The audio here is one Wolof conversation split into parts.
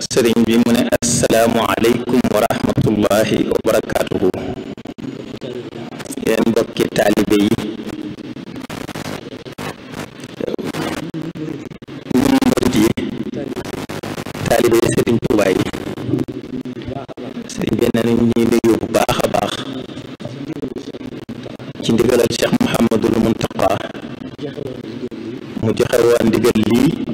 sëriñ bi mu ne assalaamu aleykum wa rahmatullahi wa barakaatuhu yéen mbokki taalibe yi ñun murit yi taalibe yi sëriñ Tuubaa yi sëriñ bi nee na ñuy nuyu bu baax a baax ci ndigalal Cheikh Mouhamadul Muntaqa mu joxe ndigal lii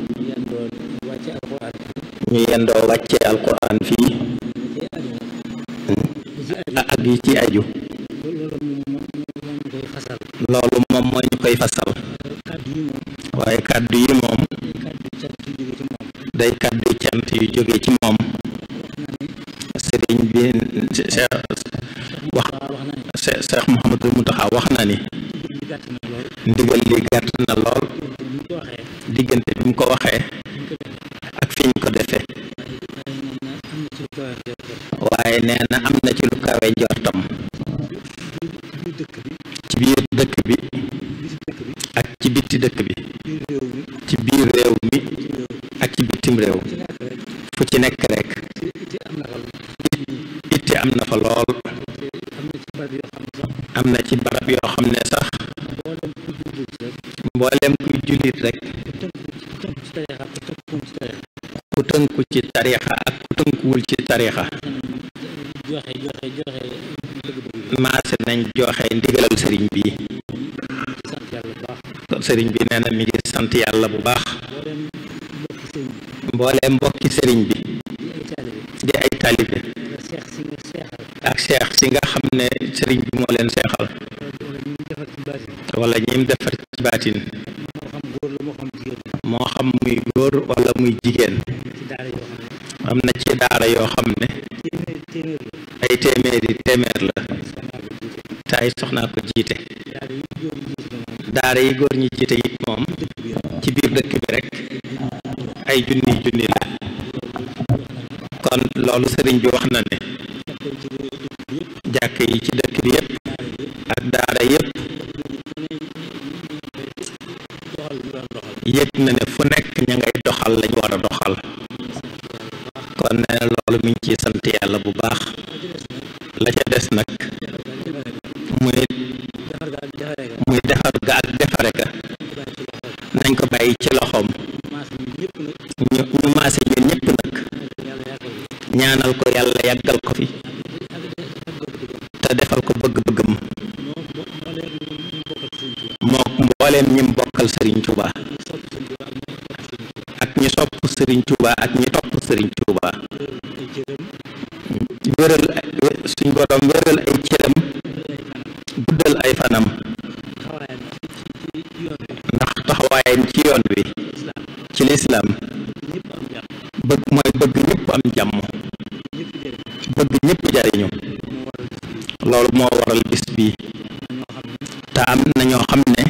ñu yendoo wàccee alquran fii ak yi ci aju loolu moom moo ñu koy fasal waaye kàddu yi moom day kàddu cant yu jóge ci moom sëriñ bi cheikh wax cheikh Mouhamadul Mountakha wax na ni ndigal li gàtt na lool diggante bi mu ko waxee waaye nee na am na ci lu kawe njortam ci biir dëkk bi ak ci bitti dëkk bi ci biir réew mi ak ci bitim réew fu ci nekk rek itti am na fa lool am na ci barab yoo xam ne sax mboolem kuy jullit rek tënku ci tariixa ak ku tënkuwul ci tariixa maase nañ joxe ndigalal sëriñ bi sëriñ bi nee na mi ngi sant yàlla bu baax mbooleem mbokki sëriñ bi di ay taalibe ak seex si nga xam ne sëriñ bi moo leen seexal wala ñim defar ci baatin moo xam muy góor wala muy jigéen am na ci daara yoo xam ne ay téeméeri téeméer la te ay soxnaa ko jiite daara yi góor ñi jiite it moom ci biir dëkk bi rek ay junni junni la kon loolu sëriñ bi wax na ne jàkk yi ci dëkk bi yépp ak daara yépp yëg na ne fu nekk ña ngay doxal lañ war a doxal kon na loolu mu ngi ciy sant yàlla bu baax la ca des nag muy muy defar ga ak defare ga nañ ko bàyyi ci loxoom ñu maase ñun ñëpp nag ñaanal ko yàlla yàggal ko fi te defal ko bëgg-bëggam mook mbooleem ñim bokkal Sëriñ Tuubaa ak ñi sopp sëriñ Tuuba ak ñi topp sëriñ Tuuba wéral suñ borom wéral ay cëram guddal ay fanam ndax taxawaayam ci yoon wi ci lislaam bëgg mooy bëgg ñëpp am jàmm bëgg ñëpp jariñu loolu moo waral bis bi te am xam ne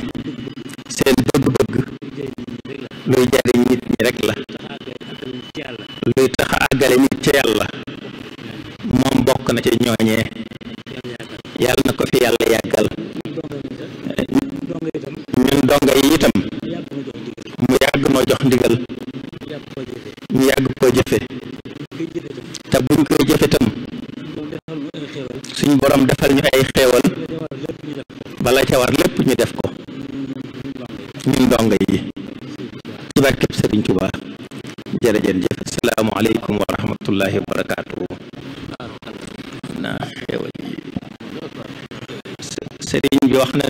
luy tax a àggale nit ca yàlla moom bokk na ci ñooñee yàlla na ko fi yàlla yàggal ñun donga yi itam mu yàgg noo jox ndigal ñu yàgg koo jëfe te buñ koy jëfe tam suñu borom defal ñu ay xéewal bala ca lépp ñu def ko ñun donga yi ci barkeb Sëriñ Tuubaa jërëjëf asalaamaaleykum wa rahmatullahi wa barakaatu. naa xewal eh, yi sëriñ bi wax na